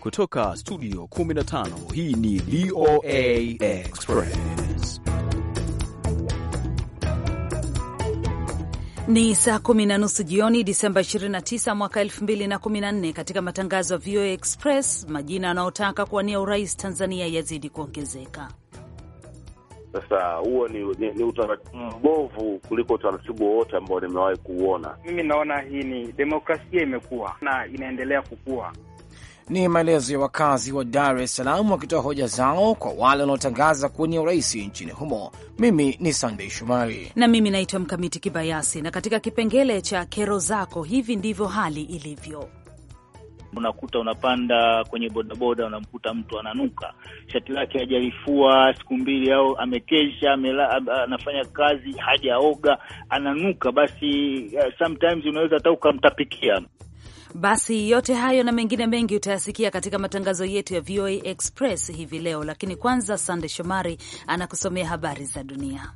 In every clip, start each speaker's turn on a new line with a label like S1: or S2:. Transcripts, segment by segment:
S1: Kutoka studio 15 hii ni VOA Express.
S2: Ni saa kumi na nusu jioni, Disemba 29 mwaka 2014. Katika matangazo ya VOA Express, majina yanayotaka kuwania urais Tanzania yazidi kuongezeka.
S3: Sasa huo ni, ni, ni utaratibu mbovu kuliko utaratibu wowote ambao nimewahi kuuona. Mimi naona hii ni
S4: demokrasia imekuwa na inaendelea kukua.
S5: Ni maelezo ya wakazi wa Dar es Salaam wakitoa hoja zao kwa wale wanaotangaza kuwania urais nchini humo. Mimi ni Sandei Shomari
S2: na mimi naitwa Mkamiti Kibayasi, na katika kipengele cha kero zako, hivi ndivyo hali ilivyo.
S6: Unakuta unapanda kwenye bodaboda, unamkuta mtu ananuka, shati lake hajalifua siku mbili, au amekesha amela, anafanya kazi hajaoga, ananuka. Basi uh, sometimes unaweza hata ukamtapikia.
S2: Basi yote hayo na mengine mengi utayasikia katika matangazo yetu ya VOA Express hivi leo, lakini kwanza, Sande Shomari anakusomea habari za dunia.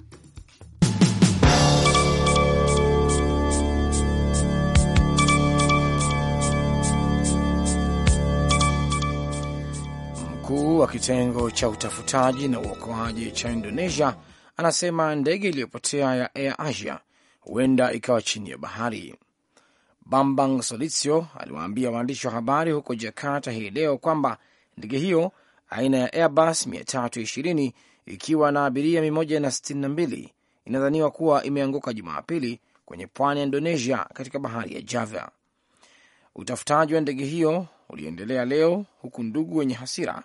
S5: Mkuu wa kitengo cha utafutaji na uokoaji cha Indonesia anasema ndege iliyopotea ya Air Asia huenda ikawa chini ya bahari. Bambang Solistyo aliwaambia waandishi wa habari huko Jakarta hii leo kwamba ndege hiyo aina ya Airbus 320 ikiwa na abiria 162 inadhaniwa kuwa imeanguka Jumapili kwenye pwani ya Indonesia katika bahari ya Java. Utafutaji wa ndege hiyo uliendelea leo, huku ndugu wenye hasira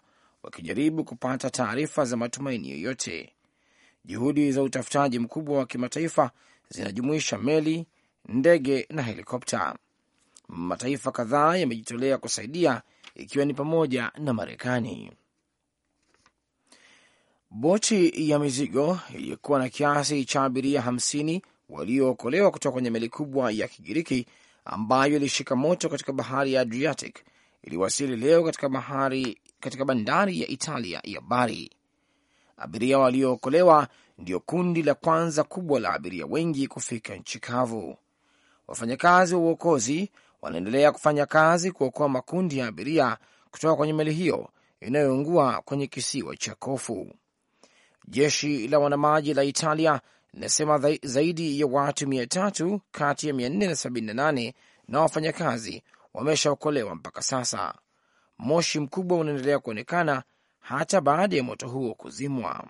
S5: wakijaribu kupata taarifa za matumaini yoyote. Juhudi za utafutaji mkubwa wa kimataifa zinajumuisha meli, ndege na helikopta. Mataifa kadhaa yamejitolea kusaidia ikiwa ni pamoja na Marekani. Boti ya mizigo iliyokuwa na kiasi cha abiria hamsini waliookolewa kutoka kwenye meli kubwa ya Kigiriki ambayo ilishika moto katika bahari ya Adriatic iliwasili leo katika bahari katika bandari ya Italia ya Bari. Abiria waliookolewa ndiyo kundi la kwanza kubwa la abiria wengi kufika nchi kavu. Wafanyakazi wa uokozi wanaendelea kufanya kazi kuokoa makundi ya abiria kutoka kwenye meli hiyo inayoungua kwenye kisiwa cha Kofu. Jeshi la wanamaji la Italia linasema zaidi ya watu mia tatu kati ya 478 na wafanyakazi wameshaokolewa mpaka sasa moshi mkubwa unaendelea kuonekana hata baada ya moto huo kuzimwa.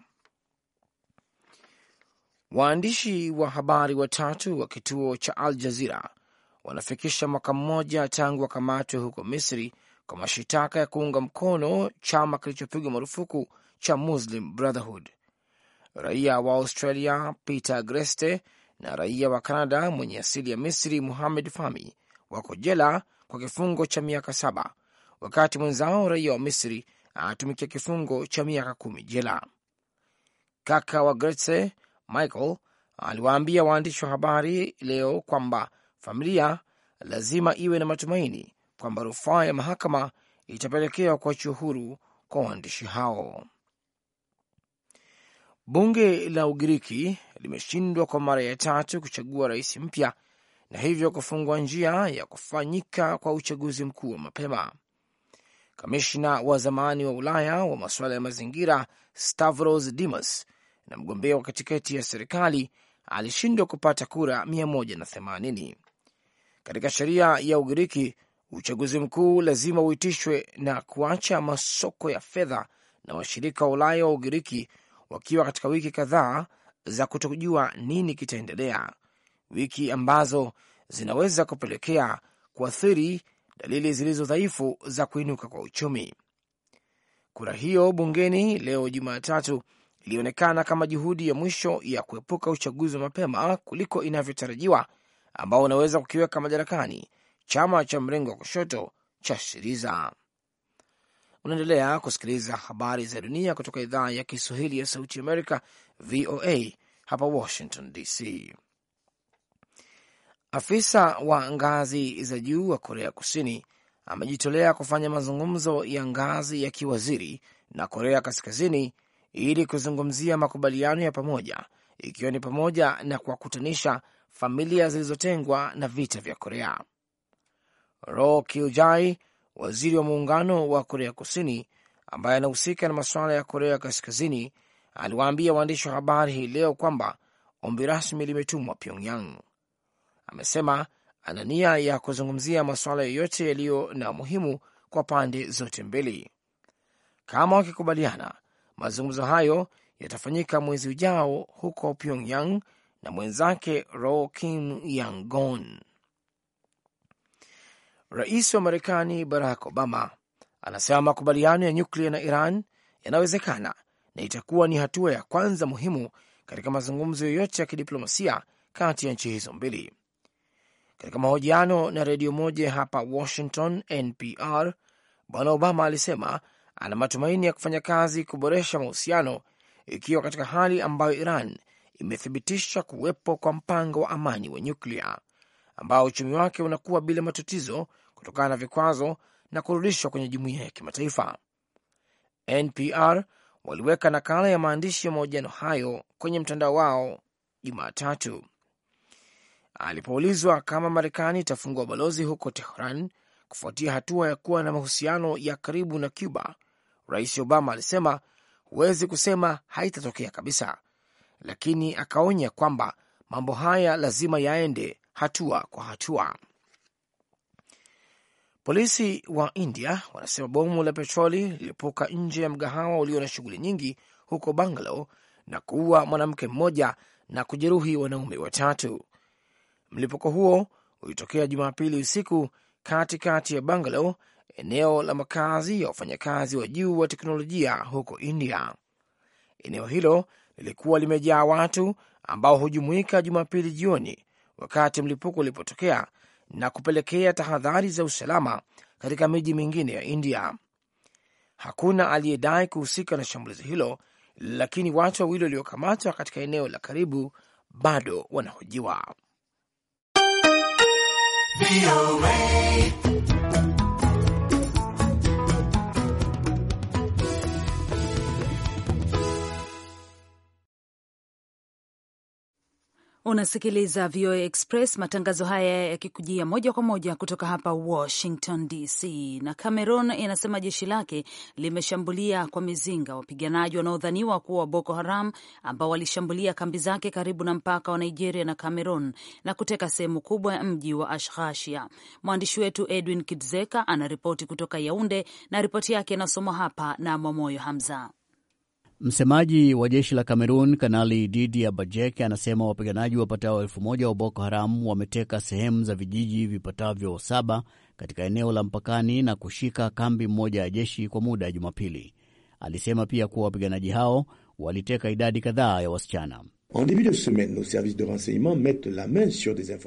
S5: Waandishi wa habari watatu wa kituo cha Al Jazira wanafikisha mwaka mmoja tangu wakamatwe huko Misri kwa mashitaka ya kuunga mkono chama kilichopigwa marufuku cha Muslim Brotherhood. Raia wa Australia Peter Greste na raia wa canada mwenye asili ya Misri Muhamed fami wako jela kwa kifungo cha miaka saba wakati mwenzao raia wa Misri anatumikia kifungo cha miaka kumi jela. Kaka wa Gretse Michael aliwaambia waandishi wa habari leo kwamba familia lazima iwe na matumaini kwamba rufaa ya mahakama itapelekewa kuachia huru kwa waandishi hao. Bunge la Ugiriki limeshindwa kwa mara ya tatu kuchagua rais mpya na hivyo kufungua njia ya kufanyika kwa uchaguzi mkuu wa mapema kamishna wa zamani wa Ulaya wa masuala ya mazingira Stavros Dimas na mgombea wa katikati ya serikali alishindwa kupata kura 180. Katika sheria ya Ugiriki, uchaguzi mkuu lazima uitishwe na kuacha masoko ya fedha na washirika wa Ulaya wa Ugiriki wakiwa katika wiki kadhaa za kutojua nini kitaendelea, wiki ambazo zinaweza kupelekea kuathiri dalili zilizo dhaifu za kuinuka kwa uchumi. Kura hiyo bungeni leo Jumatatu ilionekana kama juhudi ya mwisho ya kuepuka uchaguzi wa mapema kuliko inavyotarajiwa ambao unaweza kukiweka madarakani chama cha mrengo wa kushoto cha Siriza. Unaendelea kusikiliza habari za dunia kutoka idhaa ya Kiswahili ya Sauti Amerika, VOA hapa Washington DC. Afisa wa ngazi za juu wa Korea Kusini amejitolea kufanya mazungumzo ya ngazi ya kiwaziri na Korea Kaskazini ili kuzungumzia makubaliano ya pamoja, ikiwa ni pamoja na kuwakutanisha familia zilizotengwa na vita vya Korea. ro kiljai waziri wa muungano wa Korea Kusini ambaye anahusika na masuala ya Korea Kaskazini, aliwaambia waandishi wa habari hii leo kwamba ombi rasmi limetumwa Pyongyang amesema ana nia ya kuzungumzia masuala yoyote yaliyo na muhimu kwa pande zote mbili. Kama wakikubaliana, mazungumzo hayo yatafanyika mwezi ujao huko Pyongyang na mwenzake ro Kim Yangon. Rais wa Marekani Barack Obama anasema makubaliano ya nyuklia na Iran yanawezekana na itakuwa ni hatua ya kwanza muhimu katika mazungumzo yoyote ya kidiplomasia kati ya nchi hizo mbili. Katika mahojiano na redio moja hapa Washington, NPR, Bwana Obama alisema ana matumaini ya kufanya kazi kuboresha mahusiano, ikiwa katika hali ambayo Iran imethibitisha kuwepo kwa mpango wa amani wa nyuklia ambao uchumi wake unakuwa bila matatizo kutokana na vikwazo na kurudishwa kwenye jumuiya ya kimataifa. NPR waliweka nakala ya maandishi ya mahojiano hayo kwenye mtandao wao Jumatatu alipoulizwa kama Marekani itafungua balozi huko Tehran kufuatia hatua ya kuwa na mahusiano ya karibu na Cuba, Rais Obama alisema huwezi kusema haitatokea kabisa, lakini akaonya kwamba mambo haya lazima yaende hatua kwa hatua. Polisi wa India wanasema bomu la petroli lilipuka nje ya mgahawa ulio na shughuli nyingi huko Bangalo na kuua mwanamke mmoja na kujeruhi wanaume watatu. Mlipuko huo ulitokea Jumapili usiku katikati kati ya bungalow, eneo la makazi ya wafanyakazi wa juu wa teknolojia huko India. Eneo hilo lilikuwa limejaa watu ambao hujumuika Jumapili jioni wakati mlipuko ulipotokea na kupelekea tahadhari za usalama katika miji mingine ya India. Hakuna aliyedai kuhusika na shambulizi hilo, lakini watu wawili waliokamatwa katika eneo la karibu bado wanahojiwa.
S7: VOA.
S2: Unasikiliza VOA Express, matangazo haya yakikujia moja kwa moja kutoka hapa Washington DC. Na Cameron inasema jeshi lake limeshambulia kwa mizinga wapiganaji wanaodhaniwa kuwa Boko Haram ambao walishambulia kambi zake karibu na mpaka wa Nigeria na Cameron na kuteka sehemu kubwa ya mji wa Ashghashia. Mwandishi wetu Edwin Kidzeka anaripoti kutoka Yaunde na ripoti yake inasomwa hapa na Mwamoyo Hamza.
S8: Msemaji wa jeshi la Kamerun, Kanali Didia Bajek, anasema wapiganaji wapatao elfu moja wa Boko Haram wameteka sehemu za vijiji vipatavyo saba katika eneo la mpakani na kushika kambi moja ya jeshi kwa muda ya Jumapili. Alisema pia kuwa wapiganaji hao waliteka idadi kadhaa ya wasichana.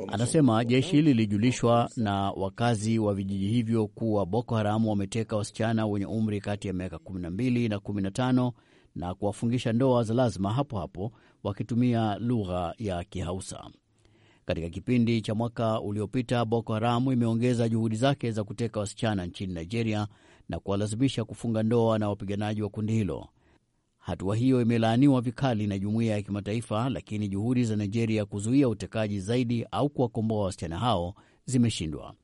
S8: Anasema jeshi lilijulishwa na wakazi wa vijiji hivyo kuwa Boko Haramu wameteka wasichana wenye umri kati ya miaka 12 na 15 na kuwafungisha ndoa za lazima hapo hapo wakitumia lugha ya Kihausa. Katika kipindi cha mwaka uliopita, Boko Haramu imeongeza juhudi zake za kuteka wasichana nchini Nigeria na kuwalazimisha kufunga ndoa na wapiganaji wa kundi hilo. Hatua hiyo imelaaniwa vikali na jumuiya ya kimataifa, lakini juhudi za Nigeria kuzuia utekaji zaidi au kuwakomboa wasichana hao zimeshindwa.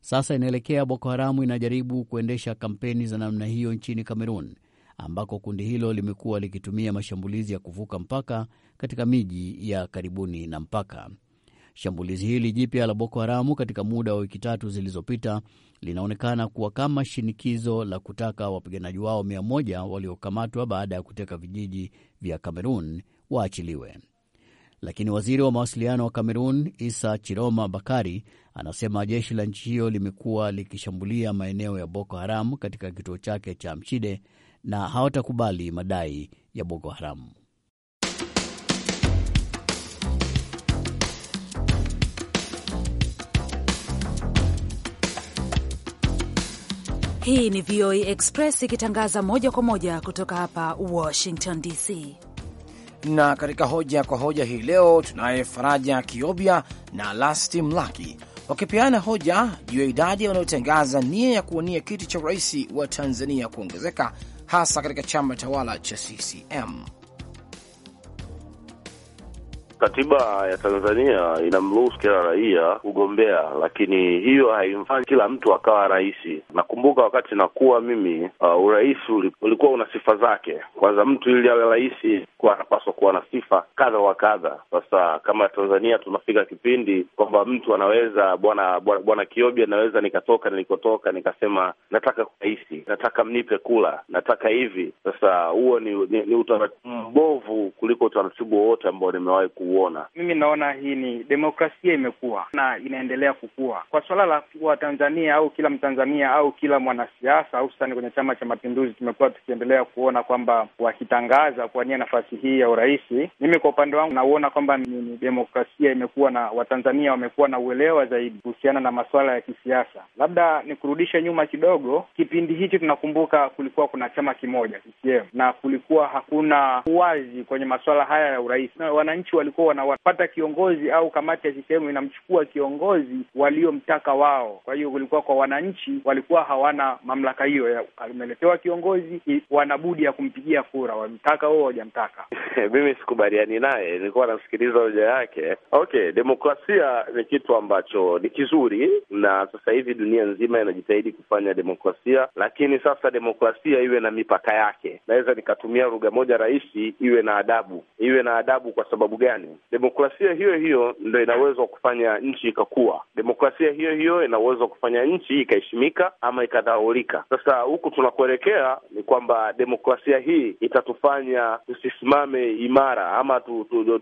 S8: Sasa inaelekea Boko Haramu inajaribu kuendesha kampeni za namna hiyo nchini Kamerun ambako kundi hilo limekuwa likitumia mashambulizi ya kuvuka mpaka katika miji ya karibuni na mpaka. Shambulizi hili jipya la Boko Haramu katika muda wa wiki tatu zilizopita linaonekana kuwa kama shinikizo la kutaka wapiganaji wao mia moja waliokamatwa baada ya kuteka vijiji vya Kamerun waachiliwe. Lakini waziri wa mawasiliano wa Kamerun Isa Chiroma Bakari anasema jeshi la nchi hiyo limekuwa likishambulia maeneo ya Boko Haram katika kituo chake cha Mchide na hawatakubali madai ya Boko Haramu.
S2: Hii ni VOA Express ikitangaza moja kwa moja kutoka hapa Washington DC.
S5: Na katika hoja kwa hoja hii leo tunaye Faraja Kiobia na Lasti Mlaki wakipeana hoja juu ya idadi wanayotangaza nia ya kuwania kiti cha urais wa Tanzania kuongezeka hasa katika chama tawala cha CCM.
S3: Katiba ya Tanzania inamruhusu kila raia kugombea, lakini hiyo haimfanyi kila mtu akawa rais. Nakumbuka wakati nakuwa mimi, uh, urais ulikuwa una sifa zake. Kwanza, mtu ili awe rais kuwa anapaswa kuwa na sifa kadha wa kadha. Sasa kama Tanzania tunafika kipindi kwamba mtu anaweza, bwana bwana Kiobia anaweza, nikatoka nilikotoka nikasema nataka rahisi rais, nataka mnipe kula, nataka hivi. Sasa huo ni, ni, ni utaratibu mbovu kuliko utaratibu wowote ambao nimewahi ku
S4: kuona. Mimi naona hii ni demokrasia imekuwa na inaendelea kukua. Kwa suala la Watanzania au kila Mtanzania au kila mwanasiasa, hususani kwenye Chama cha Mapinduzi, tumekuwa tukiendelea kuona kwamba wakitangaza kuwania nafasi hii ya urais, mimi kwa upande wangu nauona kwamba ni demokrasia imekuwa na Watanzania wamekuwa na uelewa zaidi kuhusiana na masuala ya kisiasa. Labda nikurudishe nyuma kidogo, kipindi hichi tunakumbuka kulikuwa kuna chama kimoja CCM na kulikuwa hakuna uwazi kwenye masuala haya ya urais, wananchi walikuwa walikuwa wanawapata kiongozi au kamati ya CCM inamchukua kiongozi waliomtaka wao. Kwa hiyo kulikuwa kwa wananchi walikuwa hawana mamlaka hiyo, ameletewa kiongozi, wanabudi ya kumpigia kura, wamtaka huo wajamtaka.
S3: Mimi sikubaliani naye, nilikuwa namsikiliza hoja yake. Okay, demokrasia ni kitu ambacho ni kizuri, na sasa hivi dunia nzima inajitahidi kufanya demokrasia, lakini sasa demokrasia iwe na mipaka yake. Naweza nikatumia lugha moja rahisi, iwe na adabu. Iwe na adabu kwa sababu gani? mbalimbali. Demokrasia hiyo hiyo ndo inaweza wa kufanya nchi ikakua. Demokrasia hiyo hiyo ina wa kufanya nchi ikaheshimika ama ikadhaulika. Sasa huku tunakuelekea ni kwamba demokrasia hii itatufanya tusisimame imara ama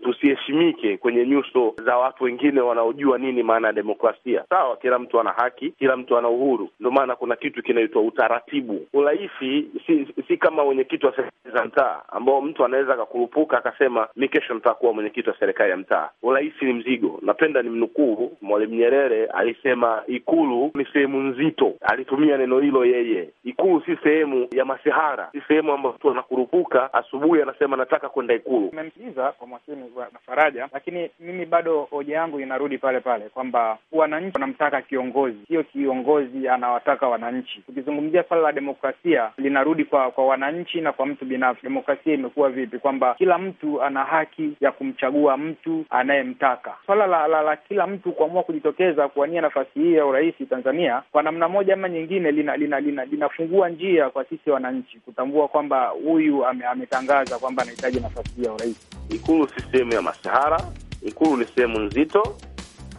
S3: tusiheshimike tu, tu, kwenye nyuso za watu wengine wanaojua nini maana ya demokrasia. Sawa, kila mtu ana haki, kila mtu ana uhuru. Ndio maana kuna kitu kinaitwa utaratibu. urahisi si, si kama mwenyekiti wa serikali za mtaa ambao mtu anaweza akakurupuka akasema mi kesho nitakuwa mwenyekiti serikali ya mtaa. Urais ni mzigo. Napenda ni mnukuu Mwalimu Nyerere alisema, Ikulu ni sehemu nzito. Alitumia neno hilo yeye. Ikulu si sehemu ya masihara, si sehemu ambayo mtu anakurupuka asubuhi anasema nataka kwenda Ikulu.
S4: Nimemsikiliza kwa makini na faraja, lakini mimi bado hoja yangu inarudi pale pale kwamba wananchi wanamtaka kiongozi, sio kiongozi anawataka wananchi. Tukizungumzia swala la demokrasia, linarudi kwa kwa wananchi na kwa mtu binafsi. Demokrasia imekuwa vipi? Kwamba kila mtu ana haki ya kumchagua kumchagua mtu anayemtaka. Swala la, la, la kila mtu kuamua kujitokeza kuwania nafasi hii ya urais Tanzania kwa namna moja ama nyingine linafungua lina, lina, lina njia kwa sisi wananchi kutambua kwamba huyu ame, ametangaza kwamba anahitaji nafasi hii ya urais. Ikulu si
S3: sehemu ya masahara. Ikulu ni sehemu nzito,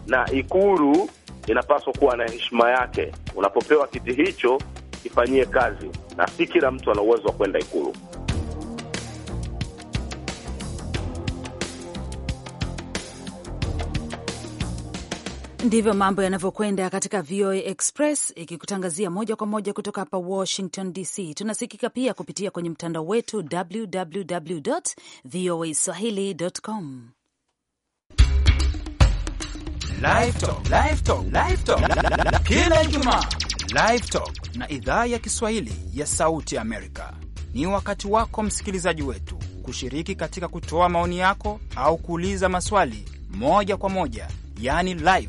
S3: na Ikulu inapaswa kuwa na heshima yake. Unapopewa kiti hicho, kifanyie kazi, na si kila mtu ana uwezo wa kwenda Ikulu.
S2: Ndivyo mambo yanavyokwenda katika VOA Express ikikutangazia moja kwa moja kutoka hapa Washington DC. Tunasikika pia kupitia kwenye mtandao wetu www voa swahili.com.
S4: Kila Ijumaa Live Talk na idhaa ya Kiswahili ya Sauti ya Amerika ni wakati wako msikilizaji wetu kushiriki katika kutoa maoni yako au kuuliza maswali moja kwa moja, yaani live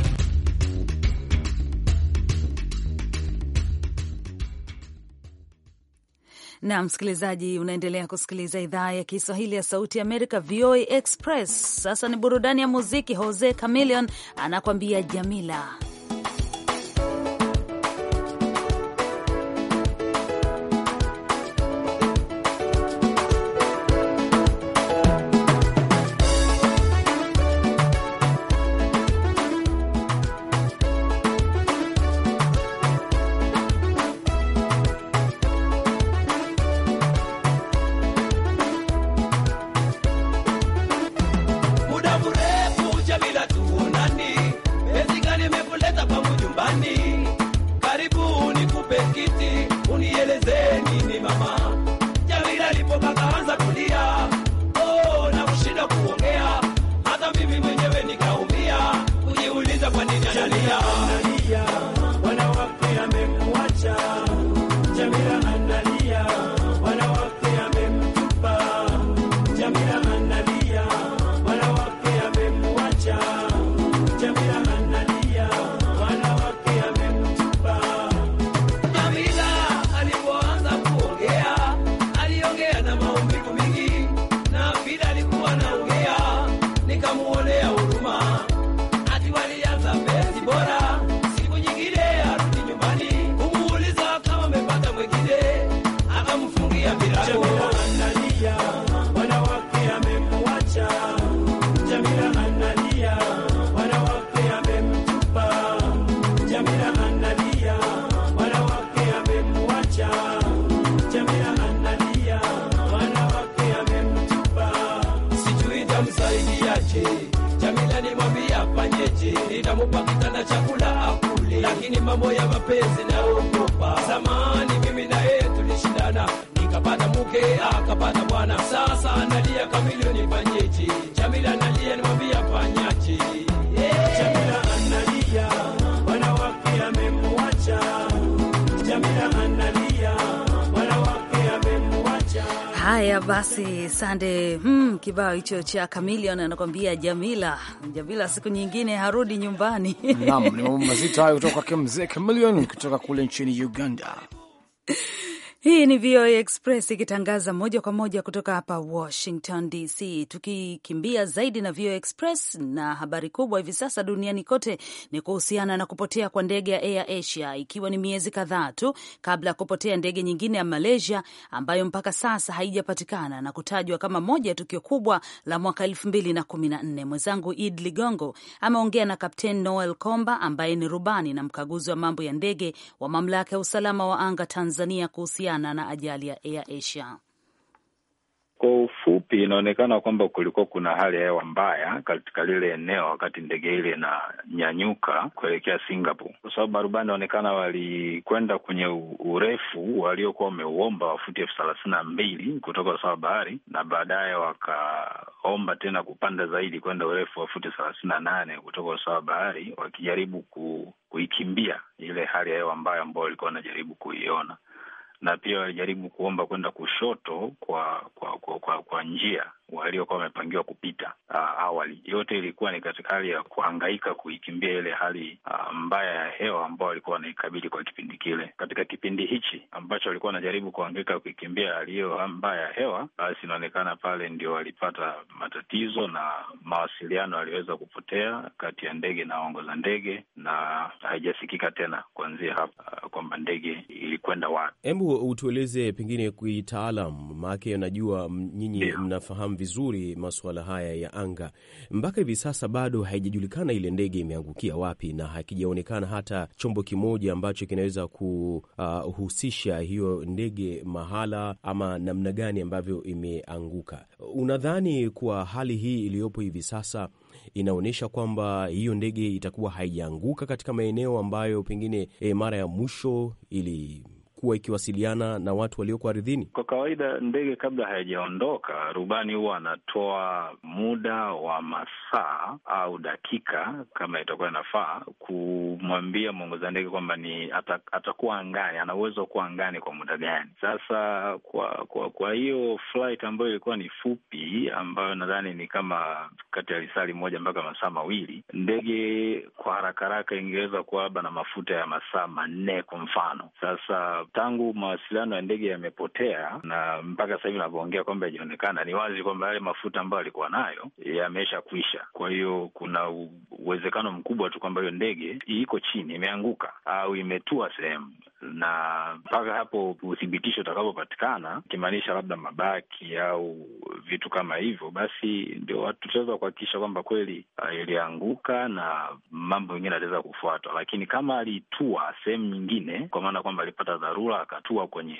S2: na msikilizaji, unaendelea kusikiliza idhaa ya Kiswahili ya Sauti ya Amerika, VOA Express. Sasa ni burudani ya muziki. Jose Chameleon anakuambia Jamila.
S7: bwana, sasa analia Kamilio, panyeti Jamila analia, nimwambia panyaji yeah. Jamila analia bwana wake amemwacha. Jamila analia bwana wake amemwacha.
S2: Haya basi, sande. Hmm, kibao hicho cha Kamilion anakwambia Jamila, Jamila siku nyingine harudi nyumbani. Naam, ni mambo
S5: mazito hayo kutoka kwa mzee Kamilion kutoka kule nchini Uganda.
S2: Hii ni VOA Express ikitangaza moja kwa moja kutoka hapa Washington DC, tukikimbia zaidi na VOA Express. Na habari kubwa hivi sasa duniani kote ni kuhusiana na kupotea kwa ndege ya Air Asia, ikiwa ni miezi kadhaa tu kabla ya kupotea ndege nyingine ya Malaysia ambayo mpaka sasa haijapatikana na kutajwa kama moja ya tukio kubwa la mwaka elfu mbili na kumi na nne. Mwenzangu Id Ligongo ameongea na kapten Noel Komba ambaye ni rubani na mkaguzi wa mambo ya ndege wa mamlaka ya usalama wa anga Tanzania kuhusiana kuhusiana na ajali ya Air Asia.
S6: Kwa ufupi, inaonekana kwamba kulikuwa kuna hali ya hewa mbaya katika lile eneo wakati ndege ile inanyanyuka kuelekea Singapore, kwa sababu marubani inaonekana walikwenda kwenye urefu waliokuwa wameuomba wa futi elfu thelathini na mbili kutoka usawa bahari, na baadaye wakaomba tena kupanda zaidi kwenda urefu wa futi thelathini na nane kutoka usawa bahari, wakijaribu ku, kuikimbia ile hali ya hewa mbaya ambayo walikuwa wanajaribu kuiona na pia walijaribu kuomba kwenda kushoto kwa kwa kwa, kwa, kwa njia waliokuwa wamepangiwa kupita uh, awali. Yote ilikuwa ni katika hali ya kuhangaika kuikimbia ile hali uh, mbaya ya hewa ambao walikuwa wanaikabili kwa kipindi kile. Katika kipindi hichi ambacho walikuwa wanajaribu kuhangaika kuikimbia hali hiyo mbaya ya hewa, basi inaonekana pale ndio walipata matatizo na mawasiliano yaliweza kupotea kati ya ndege na waongoza ndege, na haijasikika tena kuanzia hapa kwamba ndege ilikwenda wapi.
S1: Hebu utueleze pengine kitaalam, maake najua nyinyi mnafahamu vizuri masuala haya ya anga. Mpaka hivi sasa bado haijajulikana ile ndege imeangukia wapi, na hakijaonekana hata chombo kimoja ambacho kinaweza kuhusisha uh, hiyo ndege mahala ama namna gani ambavyo imeanguka. Unadhani kwa hali hii iliyopo hivi sasa inaonyesha kwamba hiyo ndege itakuwa haijaanguka katika maeneo ambayo pengine e, mara ya mwisho ili imekuwa ikiwasiliana na watu walioko ardhini? Kwa
S6: kawaida ndege kabla hayajaondoka, rubani huwa anatoa muda wa masaa au dakika kama itakuwa inafaa, kumwambia mwongoza ndege kwamba ni atakuwa angani, ana uwezo wa kuwa angani kwa muda gani. Sasa kwa kwa kwa hiyo flight ambayo ilikuwa ni fupi, ambayo nadhani ni kama kati ya lisali moja mpaka masaa mawili, ndege kwa haraka haraka ingeweza kuwa labda na mafuta ya masaa manne kwa mfano. Sasa tangu mawasiliano ya ndege yamepotea na mpaka sasa hivi kwamba yajaonekana, ni wazi kwamba yale mafuta ambayo alikuwa nayo yameisha kuisha. Kwa hiyo kuna uwezekano mkubwa tu kwamba hiyo ndege iko chini, imeanguka au imetua sehemu, na mpaka hapo uthibitisho utakapopatikana, ikimaanisha labda mabaki au vitu kama hivyo, basi ndio watu tutaweza kuhakikisha kwamba kweli uh, ilianguka na mambo mengine ataweza kufuatwa. Lakini kama alitua sehemu nyingine, kwa maana kwamba alipata dharura akatua kwenye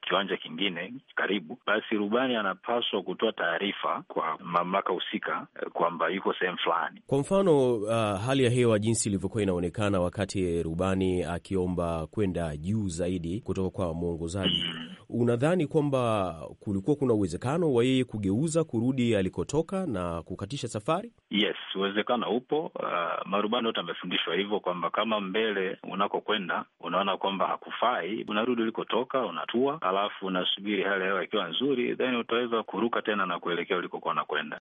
S6: kiwanja kingine karibu, basi rubani anapaswa kutoa taarifa kwa mamlaka husika uh, kwamba yuko sehemu fulani.
S1: Kwa mfano, uh, hali ya hewa jinsi ilivyokuwa inaonekana wakati rubani akiomba kwenda juu zaidi kutoka kwa mwongozaji, unadhani kwamba kulikuwa kuna uwezekano wa yeye kugeuza kurudi alikotoka na kukatisha safari?
S6: Yes, uwezekano upo. Uh, marubani wote amefundishwa hivyo kwamba kama mbele unakokwenda unaona kwamba hakufai, unarudi ulikotoka, unatua, alafu unasubiri hali ya hewa ikiwa nzuri, then utaweza kuruka tena na kuelekea ulikokuwa unakwenda.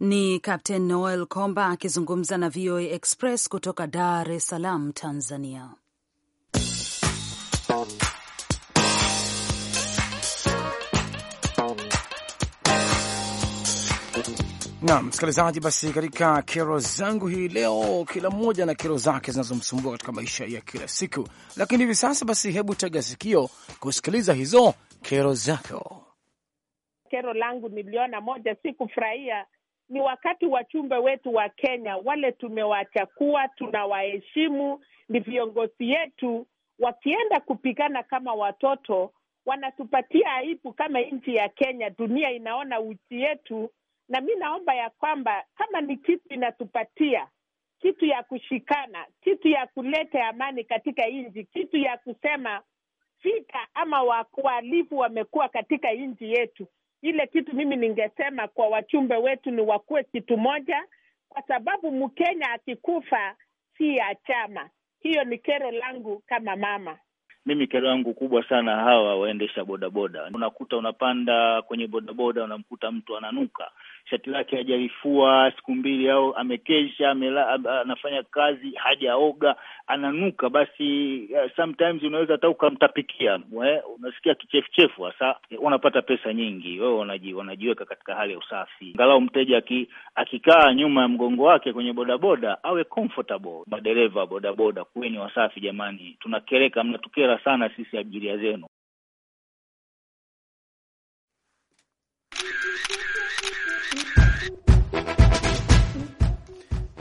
S2: Ni Captain Noel Komba akizungumza na VOA Express kutoka Dar es Salaam, Tanzania.
S5: nam msikilizaji, basi katika kero zangu hii leo, kila mmoja na kero zake zinazomsumbua katika maisha ya kila siku. Lakini hivi sasa basi, hebu tega sikio kusikiliza hizo kero zako.
S1: Kero langu niliona moja, si kufurahia ni wakati wachumbe wetu wa Kenya wale tumewachakua, tunawaheshimu, ni viongozi yetu, wakienda kupigana kama watoto wanatupatia aibu kama nchi ya Kenya. Dunia inaona uchi yetu na mi naomba ya kwamba kama ni kitu inatupatia kitu ya kushikana, kitu ya kuleta amani katika nchi, kitu ya kusema vita ama wahalifu wamekuwa katika nchi yetu, ile kitu mimi ningesema kwa wachumbe wetu ni wakuwe kitu moja, kwa sababu Mkenya akikufa si ya chama. Hiyo ni kero langu kama mama.
S6: Mimi kero yangu kubwa sana hawa waendesha bodaboda. Unakuta unapanda kwenye bodaboda, unamkuta mtu ananuka shati lake, hajalifua siku mbili, au amekesha anafanya kazi, hajaoga, ananuka. Basi uh, sometimes unaweza hata ukamtapikia, eh, unasikia kichefuchefu. Hasa eh, unapata pesa nyingi, wewe wanaji, wanajiweka katika hali ya usafi. Angalau mteja aki, akikaa nyuma ya mgongo wake kwenye bodaboda awe comfortable. Madereva bodaboda, kuweni wasafi jamani, tunakereka mnatukera hongera sana sisi abiria zenu.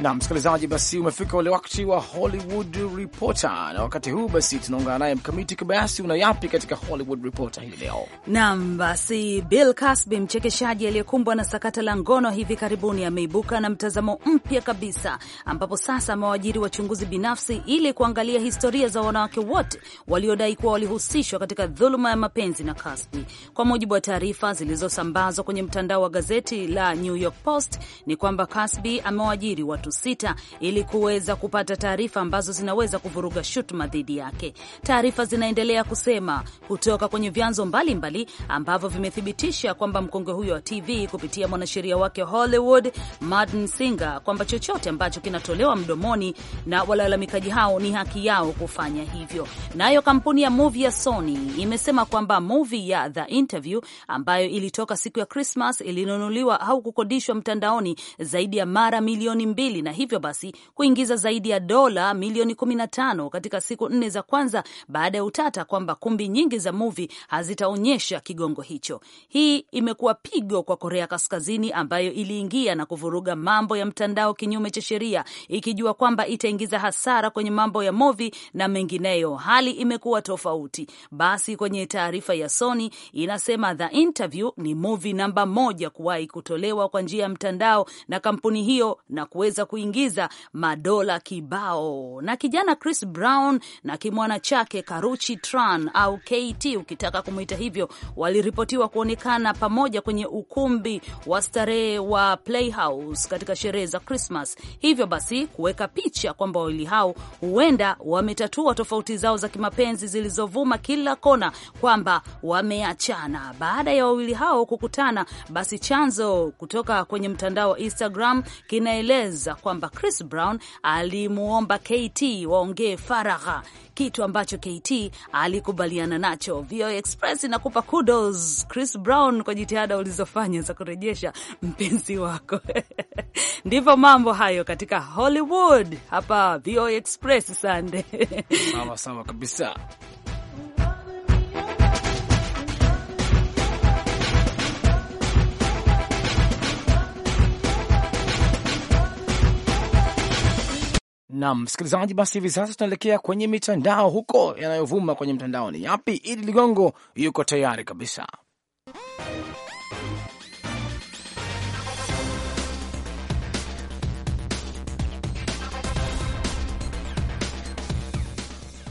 S5: na msikilizaji, basi umefika ule wakati wa Hollywood Reporter, na wakati huu basi tunaungana naye Mkamiti Kibayasi. Una yapi katika Hollywood Reporter hii leo?
S2: Naam, basi Bill Cosby, mchekeshaji aliyekumbwa na sakata la ngono hivi karibuni, ameibuka na mtazamo mpya kabisa, ambapo sasa amewaajiri wachunguzi binafsi ili kuangalia historia za wanawake wote waliodai kuwa walihusishwa katika dhuluma ya mapenzi na Cosby. Kwa mujibu wa taarifa zilizosambazwa kwenye mtandao wa gazeti la New York Post, ni kwamba Cosby amewaajiri watu watu sita ili kuweza kupata taarifa ambazo zinaweza kuvuruga shutuma dhidi yake. Taarifa zinaendelea kusema kutoka kwenye vyanzo mbalimbali ambavyo vimethibitisha kwamba mkongwe huyo wa TV kupitia mwanasheria wake Hollywood Martin Singer kwamba chochote ambacho kinatolewa mdomoni na walalamikaji hao ni haki yao kufanya hivyo. Nayo kampuni ya movie ya Sony imesema kwamba movie ya The Interview ambayo ilitoka siku ya Christmas ilinunuliwa au kukodishwa mtandaoni zaidi ya mara milioni mbili mbili na hivyo basi kuingiza zaidi ya dola milioni 15 katika siku nne za kwanza baada ya utata kwamba kumbi nyingi za muvi hazitaonyesha kigongo hicho. Hii imekuwa pigo kwa Korea Kaskazini ambayo iliingia na kuvuruga mambo ya mtandao kinyume cha sheria ikijua kwamba itaingiza hasara kwenye mambo ya movi na mengineyo. Hali imekuwa tofauti. Basi kwenye taarifa ya Sony inasema The Interview ni movi namba moja kuwahi kutolewa kwa njia ya mtandao na kampuni hiyo na kuweza kuingiza madola kibao na kijana Chris Brown na kimwana chake Karuchi Tran au KT ukitaka kumwita hivyo, waliripotiwa kuonekana pamoja kwenye ukumbi wa starehe wa Playhouse katika sherehe za Christmas, hivyo basi kuweka picha kwamba wawili hao huenda wametatua tofauti zao za kimapenzi zilizovuma kila kona kwamba wameachana. Baada ya wawili hao kukutana, basi chanzo kutoka kwenye mtandao wa Instagram kinaeleza kwamba Chris Brown alimwomba KT waongee faragha, kitu ambacho KT alikubaliana nacho. VO Express inakupa kudos Chris Brown kwa jitihada ulizofanya za kurejesha mpenzi wako. Ndivyo mambo hayo katika Hollywood hapa VOA Express sande. sawa sawa kabisa.
S5: na msikilizaji, basi hivi sasa tunaelekea kwenye mitandao. Huko yanayovuma kwenye mtandao ni yapi? Idi Ligongo yuko tayari kabisa.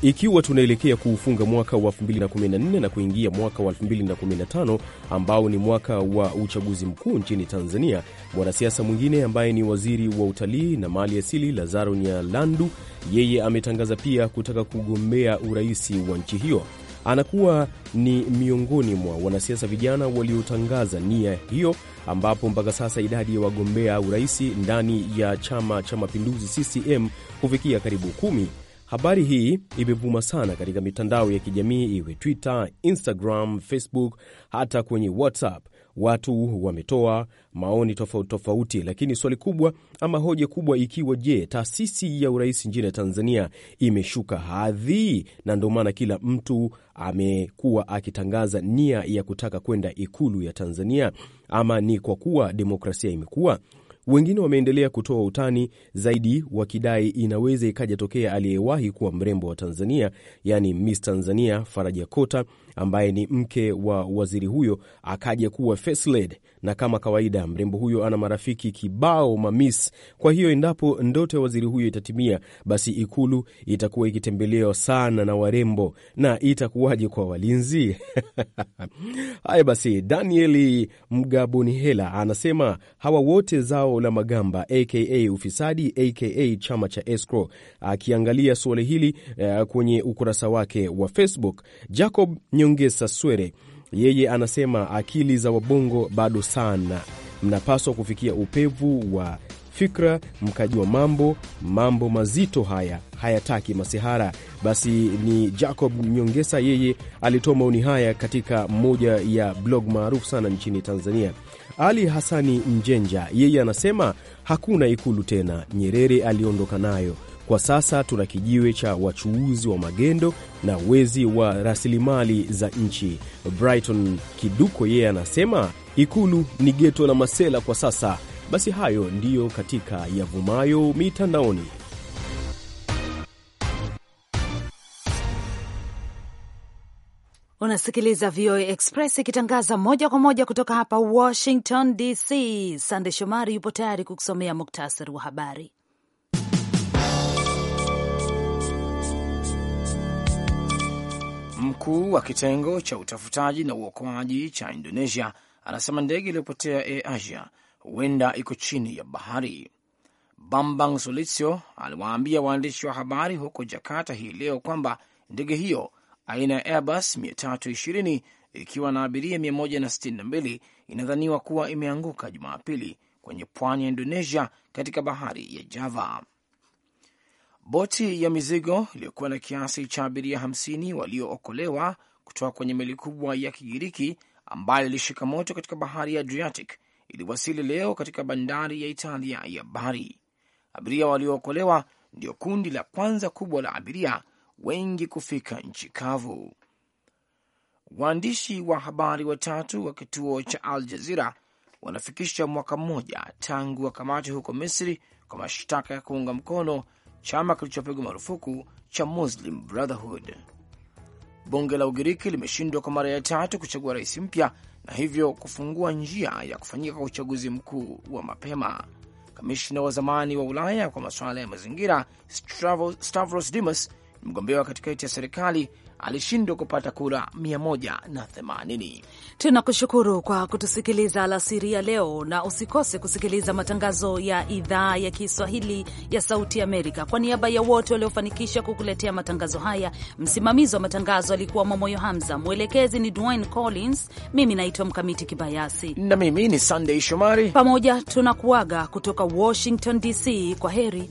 S1: ikiwa tunaelekea kuufunga mwaka wa 2014 na kuingia mwaka wa 2015 ambao ni mwaka wa uchaguzi mkuu nchini Tanzania, mwanasiasa mwingine ambaye ni waziri wa utalii na mali asili Lazaro Nyalandu, yeye ametangaza pia kutaka kugombea urais wa nchi hiyo. Anakuwa ni miongoni mwa wanasiasa vijana waliotangaza nia hiyo, ambapo mpaka sasa idadi ya wagombea urais ndani ya Chama cha Mapinduzi CCM kufikia karibu kumi. Habari hii imevuma sana katika mitandao ya kijamii, iwe Twitter, Instagram, Facebook, hata kwenye WhatsApp. Watu wametoa maoni tofauti tofauti, lakini swali kubwa ama hoja kubwa ikiwa je, taasisi ya urais nchini Tanzania imeshuka hadhi? Na ndio maana kila mtu amekuwa akitangaza nia ya kutaka kwenda Ikulu ya Tanzania, ama ni kwa kuwa demokrasia imekuwa wengine wameendelea kutoa utani zaidi, wakidai inaweza ikajatokea aliyewahi kuwa mrembo wa Tanzania, yani Miss Tanzania Faraja Kota ambaye ni mke wa waziri huyo akaja kuwa first lady, na kama kawaida mrembo huyo ana marafiki kibao mamis. Kwa hiyo endapo ndoto ya waziri huyo itatimia, basi ikulu itakuwa ikitembelewa sana na warembo, na itakuwaje kwa walinzi? Haya basi, Danieli Mgabonihela anasema hawa wote zao la magamba, aka ufisadi, aka chama cha escrow. Akiangalia suala hili uh, kwenye ukurasa wake wa Facebook Jacob Nyong Mnyonge Saswere, yeye anasema akili za wabongo bado sana, mnapaswa kufikia upevu wa fikra mkajua mambo mambo mazito haya hayataki masihara. Basi ni Jacob Nyongesa, yeye alitoa maoni haya katika moja ya blog maarufu sana nchini Tanzania. Ali Hasani Mjenja yeye anasema hakuna ikulu tena, Nyerere aliondoka nayo. Kwa sasa tuna kijiwe cha wachuuzi wa magendo na wezi wa rasilimali za nchi. Brighton Kiduko yeye anasema ikulu ni geto la masela kwa sasa. Basi hayo ndiyo katika yavumayo mitandaoni.
S2: Unasikiliza VOA Express ikitangaza moja kwa moja kutoka hapa Washington DC. Sande Shomari yupo tayari kukusomea muktasari wa habari.
S5: Mkuu wa kitengo cha utafutaji na uokoaji cha Indonesia anasema ndege iliyopotea e Asia huenda iko chini ya bahari. Bambang Solistyo aliwaambia waandishi wa habari huko Jakarta hii leo kwamba ndege hiyo aina ya Airbus 320 ikiwa na abiria 162 inadhaniwa kuwa imeanguka Jumapili kwenye pwani ya Indonesia katika bahari ya Java. Boti ya mizigo iliyokuwa na kiasi cha abiria hamsini waliookolewa kutoka kwenye meli kubwa ya Kigiriki ambayo ilishika moto katika bahari ya Adriatic iliwasili leo katika bandari ya Italia ya Bari. Abiria waliookolewa ndio kundi la kwanza kubwa la abiria wengi kufika nchi kavu. Waandishi wa habari watatu wa kituo cha Al Jazira wanafikisha mwaka mmoja tangu wakamatwe huko Misri kwa mashtaka ya kuunga mkono chama kilichopigwa marufuku cha Muslim Brotherhood. Bunge la Ugiriki limeshindwa kwa mara ya tatu kuchagua rais mpya na hivyo kufungua njia ya kufanyika kwa uchaguzi mkuu wa mapema. Kamishna wa zamani wa Ulaya kwa masuala ya mazingira Stavros Dimas, mgombea wa katikati ya
S2: serikali alishindwa kupata kura 180. Tunakushukuru kwa kutusikiliza alasiri ya leo, na usikose kusikiliza matangazo ya idhaa ya Kiswahili ya Sauti Amerika. Kwa niaba ya wote waliofanikisha kukuletea matangazo haya, msimamizi wa matangazo alikuwa Mwamoyo Hamza, mwelekezi ni Dwayne Collins, mimi naitwa Mkamiti Kibayasi na mimi ni sandey Shomari. Pamoja tunakuaga kutoka Washington DC. Kwa heri.